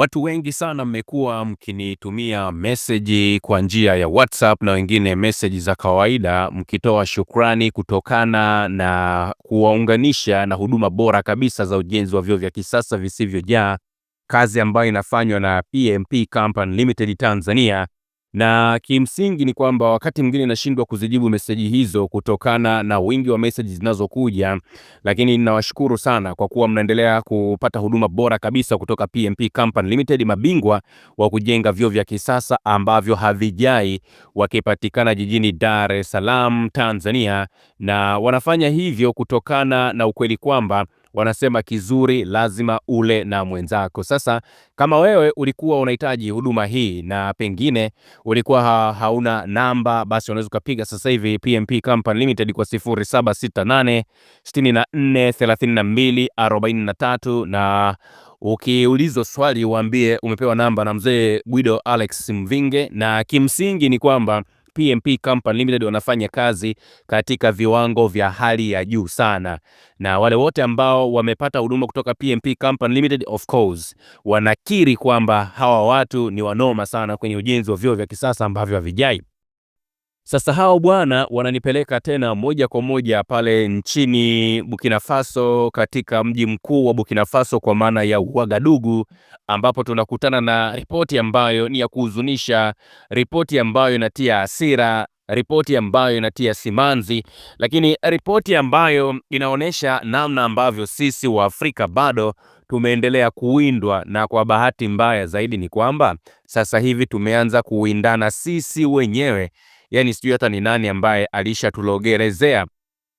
Watu wengi sana mmekuwa mkinitumia meseji kwa njia ya WhatsApp na wengine meseji za kawaida, mkitoa shukrani kutokana na kuwaunganisha na huduma bora kabisa za ujenzi wa vyoo vya kisasa visivyojaa, kazi ambayo inafanywa na PMP Company Limited Tanzania na kimsingi ni kwamba wakati mwingine nashindwa kuzijibu meseji hizo kutokana na wingi wa meseji zinazokuja, lakini ninawashukuru sana kwa kuwa mnaendelea kupata huduma bora kabisa kutoka PMP Company Limited, mabingwa wa kujenga vyuo vya kisasa ambavyo havijai, wakipatikana jijini Dar es Salaam, Tanzania, na wanafanya hivyo kutokana na ukweli kwamba wanasema kizuri lazima ule na mwenzako. Sasa kama wewe ulikuwa unahitaji huduma hii na pengine ulikuwa ha hauna namba, basi unaweza ukapiga sasa hivi PMP Company Limited kwa 0768643243 na ukiulizwa swali uambie umepewa namba na mzee Guido Alex Mvinge, na kimsingi ni kwamba PMP Company Limited wanafanya kazi katika viwango vya hali ya juu sana, na wale wote ambao wamepata huduma kutoka PMP Company Limited of course wanakiri kwamba hawa watu ni wanoma sana kwenye ujenzi wa vyoo vya kisasa ambavyo havijai sasa hao bwana wananipeleka tena moja kwa moja pale nchini Burkina Faso, katika mji mkuu wa Burkina Faso kwa maana ya Ouagadougou, ambapo tunakutana na ripoti ambayo ni ya kuhuzunisha, ripoti ambayo inatia hasira, ripoti ambayo inatia simanzi, lakini ripoti ambayo inaonyesha namna ambavyo sisi wa Afrika bado tumeendelea kuwindwa, na kwa bahati mbaya zaidi ni kwamba sasa hivi tumeanza kuwindana sisi wenyewe yani sijui hata ni nani ambaye alishatulogelezea.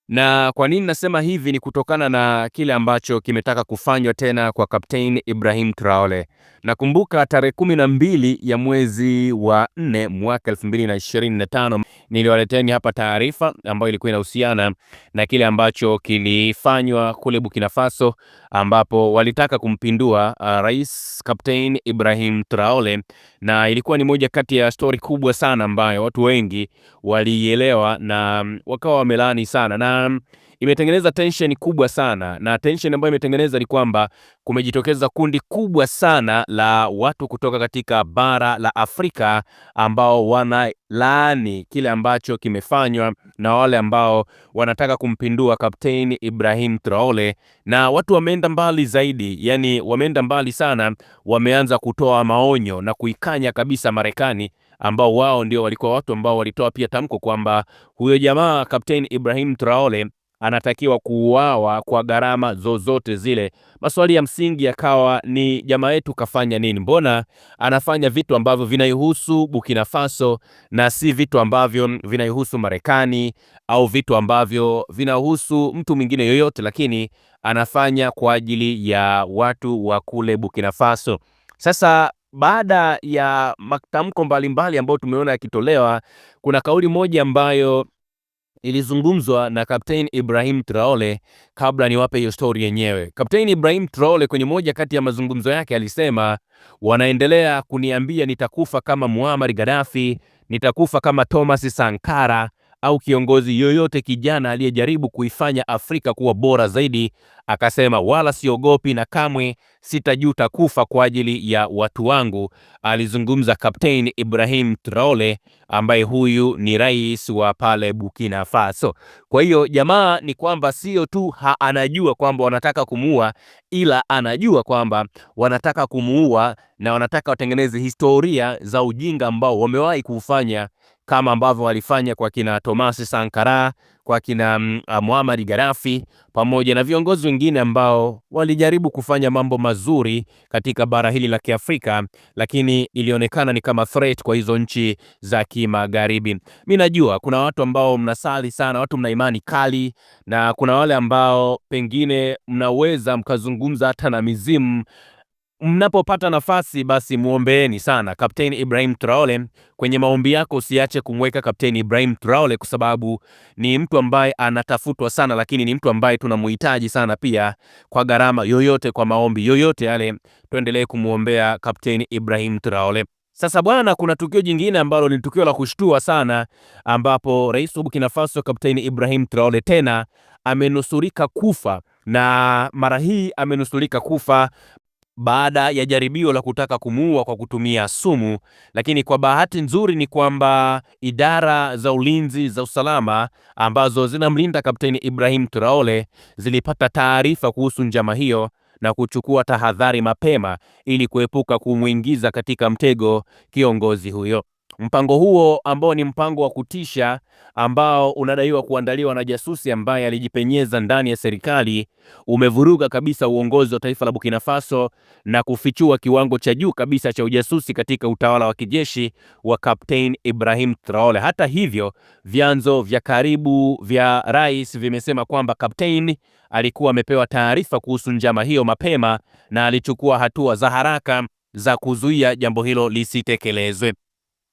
Na kwa nini nasema hivi? Ni kutokana na kile ambacho kimetaka kufanywa tena kwa Kapteni Ibrahim Traore. Nakumbuka tarehe kumi na mbili ya mwezi wa nne mwaka 2025 niliwaleteni hapa taarifa ambayo ilikuwa inahusiana na kile ambacho kilifanywa kule Burkina Faso ambapo walitaka kumpindua uh, Rais Kaptein Ibrahim Traore, na ilikuwa ni moja kati ya stori kubwa sana ambayo watu wengi waliielewa na um, wakawa wamelani sana na um, imetengeneza tension kubwa sana, na tension ambayo imetengeneza ni kwamba kumejitokeza kundi kubwa sana la watu kutoka katika bara la Afrika ambao wanalaani kile ambacho kimefanywa na wale ambao wanataka kumpindua Captain Ibrahim Traore, na watu wameenda mbali zaidi, yani wameenda mbali sana, wameanza kutoa maonyo na kuikanya kabisa Marekani ambao wao ndio walikuwa watu ambao walitoa pia tamko kwamba huyo jamaa Captain Ibrahim Traore anatakiwa kuuawa kwa gharama zozote zile. Maswali ya msingi yakawa ni jamaa wetu kafanya nini? Mbona anafanya vitu ambavyo vinaihusu Burkina Faso na si vitu ambavyo vinaihusu Marekani au vitu ambavyo vinahusu mtu mwingine yoyote, lakini anafanya kwa ajili ya watu wa kule Burkina Faso. Sasa baada ya matamko mbalimbali ambayo tumeona yakitolewa, kuna kauli moja ambayo ilizungumzwa na Kapteni Ibrahim Traore kabla niwape hiyo stori yenyewe. Kapteni Ibrahim Traore kwenye moja kati ya mazungumzo yake alisema, wanaendelea kuniambia nitakufa kama Muammar Gaddafi, nitakufa kama Thomas Sankara, au kiongozi yoyote kijana aliyejaribu kuifanya Afrika kuwa bora zaidi, akasema wala siogopi na kamwe sitajuta kufa kwa ajili ya watu wangu, alizungumza kaptein Ibrahim Traore ambaye huyu ni rais wa pale Burkina Faso. Kwa hiyo jamaa ni kwamba sio tu ha anajua kwamba wanataka kumuua, ila anajua kwamba wanataka kumuua na wanataka watengeneze historia za ujinga ambao wamewahi kuufanya kama ambavyo walifanya kwa kina Thomas Sankara, kwa kina um, Muammar Gaddafi pamoja na viongozi wengine ambao walijaribu kufanya mambo mazuri katika bara hili la Kiafrika, lakini ilionekana ni kama threat kwa hizo nchi za kimagharibi. Mimi najua kuna watu ambao mnasali sana, watu mna imani kali, na kuna wale ambao pengine mnaweza mkazungumza hata na mizimu mnapopata nafasi basi muombeeni sana Kapteni Ibrahim Traore. Kwenye maombi yako usiache kumweka Kapteni Ibrahim Traore kwa sababu ni mtu ambaye anatafutwa sana, lakini ni mtu ambaye tunamhitaji sana pia. Kwa gharama yoyote, kwa maombi yoyote yale, tuendelee kumwombea Kapteni Ibrahim Traore. Sasa bwana, kuna tukio jingine ambalo ni tukio la kushtua sana, ambapo rais wa Burkina Faso Kapteni Ibrahim Traore tena amenusurika kufa na mara hii amenusurika kufa baada ya jaribio la kutaka kumuua kwa kutumia sumu, lakini kwa bahati nzuri ni kwamba idara za ulinzi za usalama ambazo zinamlinda Kapteni Ibrahim Traore zilipata taarifa kuhusu njama hiyo na kuchukua tahadhari mapema ili kuepuka kumwingiza katika mtego kiongozi huyo. Mpango huo ambao ni mpango wa kutisha ambao unadaiwa kuandaliwa na jasusi ambaye alijipenyeza ndani ya serikali umevuruga kabisa uongozi wa taifa la Burkina Faso na kufichua kiwango cha juu kabisa cha ujasusi katika utawala wa kijeshi wa Kapteni Ibrahim Traore. Hata hivyo, vyanzo vya karibu vya rais vimesema kwamba kaptein alikuwa amepewa taarifa kuhusu njama hiyo mapema na alichukua hatua za haraka za kuzuia jambo hilo lisitekelezwe.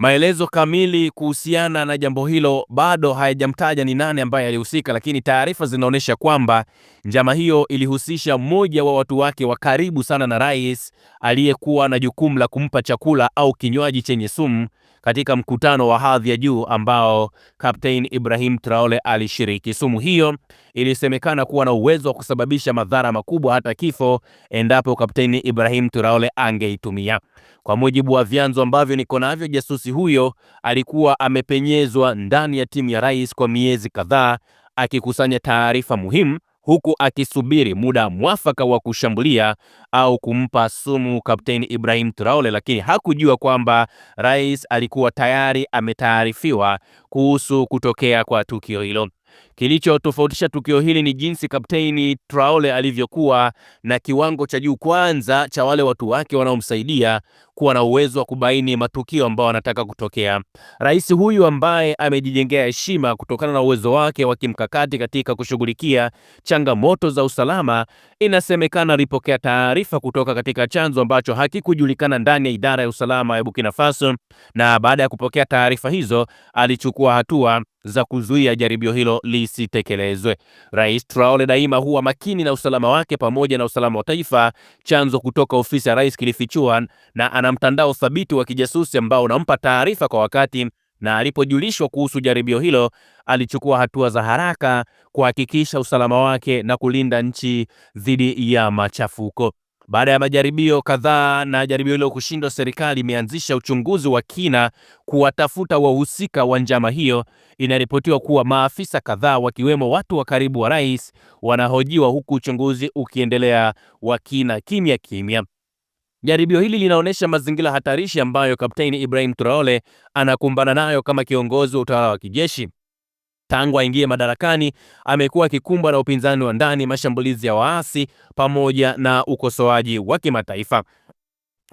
Maelezo kamili kuhusiana na jambo hilo bado hayajamtaja ni nani ambaye alihusika, lakini taarifa zinaonyesha kwamba njama hiyo ilihusisha mmoja wa watu wake wa karibu sana na rais, aliyekuwa na jukumu la kumpa chakula au kinywaji chenye sumu katika mkutano wa hadhi ya juu ambao Kapteni Ibrahim Traore alishiriki. Sumu hiyo ilisemekana kuwa na uwezo wa kusababisha madhara makubwa, hata kifo, endapo Kapteni Ibrahim Traore angeitumia. Kwa mujibu wa vyanzo ambavyo niko navyo, jasusi mweusi huyo alikuwa amepenyezwa ndani ya timu ya rais kwa miezi kadhaa akikusanya taarifa muhimu huku akisubiri muda mwafaka wa kushambulia au kumpa sumu Kapteni Ibrahim Traore, lakini hakujua kwamba rais alikuwa tayari ametaarifiwa kuhusu kutokea kwa tukio hilo. Kilichotofautisha tukio hili ni jinsi Kapteni Traore alivyokuwa na kiwango cha juu kwanza cha wale watu wake wanaomsaidia kuwa na uwezo wa kubaini matukio ambayo anataka kutokea. Rais huyu ambaye amejijengea heshima kutokana na uwezo wake wa kimkakati katika kushughulikia changamoto za usalama, inasemekana alipokea taarifa kutoka katika chanzo ambacho hakikujulikana ndani ya idara ya usalama ya Burkina Faso, na baada ya kupokea taarifa hizo alichukua hatua za kuzuia jaribio hilo li isitekelezwe. Rais Traore daima huwa makini na usalama wake pamoja na usalama wa taifa, chanzo kutoka ofisi ya rais kilifichua na ana mtandao thabiti wa kijasusi ambao unampa taarifa kwa wakati na alipojulishwa kuhusu jaribio hilo alichukua hatua za haraka kuhakikisha usalama wake na kulinda nchi dhidi ya machafuko. Baada ya majaribio kadhaa na jaribio hilo kushindwa, serikali imeanzisha uchunguzi wa kina kuwatafuta wahusika wa njama hiyo. Inaripotiwa kuwa maafisa kadhaa wakiwemo watu wa karibu wa rais wanahojiwa, huku uchunguzi ukiendelea wa kina kimya kimya. Jaribio hili linaonyesha mazingira hatarishi ambayo Kapteni Ibrahim Traore anakumbana nayo kama kiongozi wa utawala wa kijeshi. Tangu aingie madarakani amekuwa akikumbwa na upinzani wa ndani, mashambulizi ya waasi pamoja na ukosoaji wa kimataifa.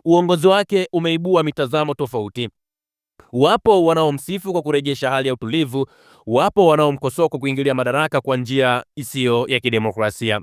Uongozi wake umeibua mitazamo tofauti. Wapo wanaomsifu kwa kurejesha hali ya utulivu, wapo wanaomkosoa kwa kuingilia madaraka kwa njia isiyo ya kidemokrasia.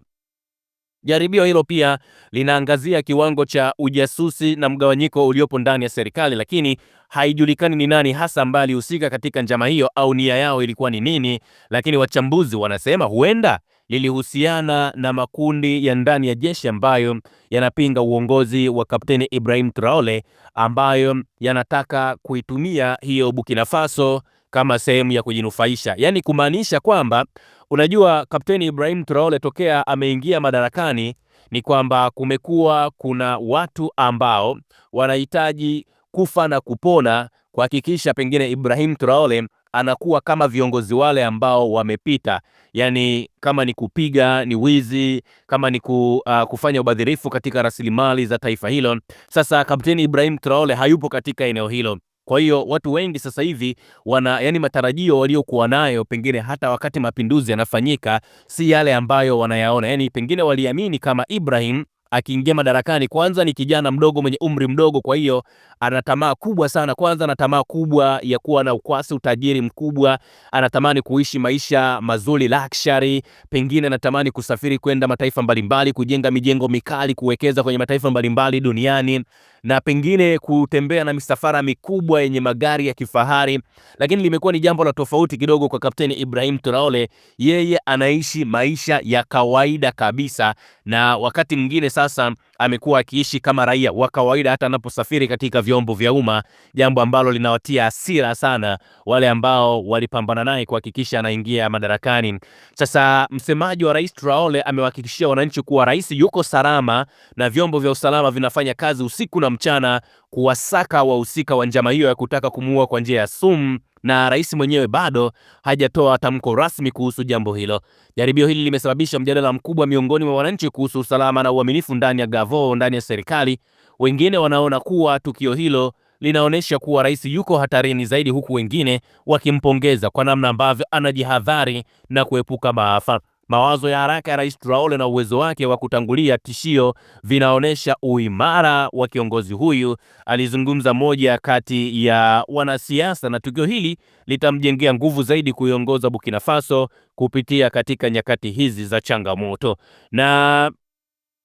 Jaribio hilo pia linaangazia kiwango cha ujasusi na mgawanyiko uliopo ndani ya serikali, lakini haijulikani ni nani hasa ambaye alihusika katika njama hiyo au nia yao ilikuwa ni nini, lakini wachambuzi wanasema huenda lilihusiana na makundi ya ndani ya jeshi ambayo yanapinga uongozi wa Kapteni Ibrahim Traore ambayo yanataka kuitumia hiyo Burkina Faso kama sehemu ya kujinufaisha, yaani kumaanisha kwamba unajua, Kapteni Ibrahim Traore tokea ameingia madarakani ni kwamba kumekuwa kuna watu ambao wanahitaji kufa na kupona kuhakikisha pengine Ibrahim Traore anakuwa kama viongozi wale ambao wamepita, yaani kama ni kupiga, ni wizi, kama ni ku, uh, kufanya ubadhirifu katika rasilimali za taifa hilo. Sasa Kapteni Ibrahim Traore hayupo katika eneo hilo. Kwa hiyo watu wengi sasa hivi wana yani, matarajio waliokuwa nayo pengine hata wakati mapinduzi yanafanyika si yale ambayo wanayaona. Yani pengine waliamini kama Ibrahim akiingia madarakani, kwanza ni kijana mdogo mwenye umri mdogo, kwa hiyo ana tamaa kubwa sana. Kwanza ana tamaa kubwa ya kuwa na ukwasi, utajiri mkubwa, anatamani kuishi maisha mazuri luxury, pengine anatamani kusafiri kwenda mataifa mbalimbali, kujenga mijengo mikali, kuwekeza kwenye mataifa mbalimbali duniani na pengine kutembea na misafara mikubwa yenye magari ya kifahari, lakini limekuwa ni jambo la tofauti kidogo kwa Kapteni Ibrahim Traore. Yeye anaishi maisha ya kawaida kabisa, na wakati mwingine sasa amekuwa akiishi kama raia wa kawaida hata anaposafiri katika vyombo vya umma, jambo ambalo linawatia hasira sana wale ambao walipambana naye kuhakikisha anaingia madarakani. Sasa msemaji wa rais Traore amewahakikishia wananchi kuwa rais yuko salama na vyombo vya usalama vinafanya kazi usiku na mchana kuwasaka wahusika wa njama hiyo ya kutaka kumuua kwa njia ya sumu na rais mwenyewe bado hajatoa tamko rasmi kuhusu jambo hilo. Jaribio hili limesababisha mjadala mkubwa miongoni mwa wananchi kuhusu usalama na uaminifu ndani ya gavo ndani ya serikali. Wengine wanaona kuwa tukio hilo linaonyesha kuwa rais yuko hatarini zaidi, huku wengine wakimpongeza kwa namna ambavyo anajihadhari na kuepuka maafa. Mawazo ya haraka ya Rais Traore na uwezo wake wa kutangulia tishio vinaonyesha uimara wa kiongozi huyu, alizungumza moja kati ya wanasiasa, na tukio hili litamjengea nguvu zaidi kuiongoza Burkina Faso kupitia katika nyakati hizi za changamoto. Na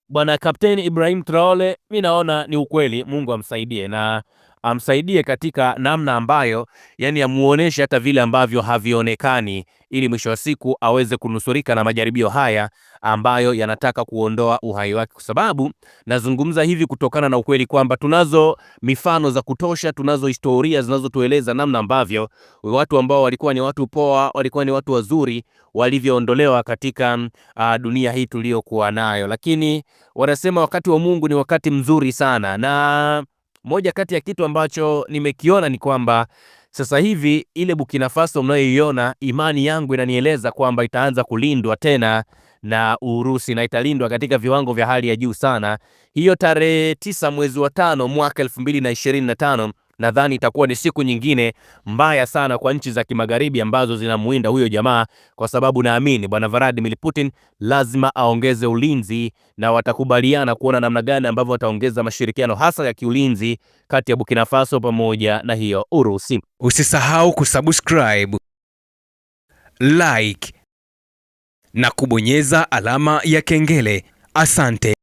bwana kapteni Ibrahim Traore, mi naona ni ukweli, Mungu amsaidie na amsaidie katika namna ambayo yani amuoneshe hata vile ambavyo havionekani, ili mwisho wa siku aweze kunusurika na majaribio haya ambayo yanataka kuondoa uhai wake, kwa sababu nazungumza hivi kutokana na ukweli kwamba tunazo mifano za kutosha, tunazo historia zinazotueleza namna ambavyo watu ambao walikuwa ni watu poa, walikuwa ni watu wazuri, walivyoondolewa katika uh, dunia hii tuliyokuwa nayo. Lakini wanasema wakati wa Mungu ni wakati mzuri sana na moja kati ya kitu ambacho nimekiona ni kwamba sasa hivi ile Burkina Faso mnayoiona, imani yangu inanieleza kwamba itaanza kulindwa tena na Urusi na italindwa katika viwango vya hali ya juu sana. Hiyo tarehe tisa mwezi wa tano mwaka elfu mbili na ishirini na tano nadhani itakuwa ni siku nyingine mbaya sana kwa nchi za kimagharibi ambazo zinamuinda huyo jamaa, kwa sababu naamini bwana Vladimir Putin lazima aongeze ulinzi na watakubaliana kuona namna gani ambavyo wataongeza mashirikiano hasa ya kiulinzi kati ya Burkina Faso pamoja na hiyo Urusi. Usisahau kusubscribe, like na kubonyeza alama ya kengele. Asante.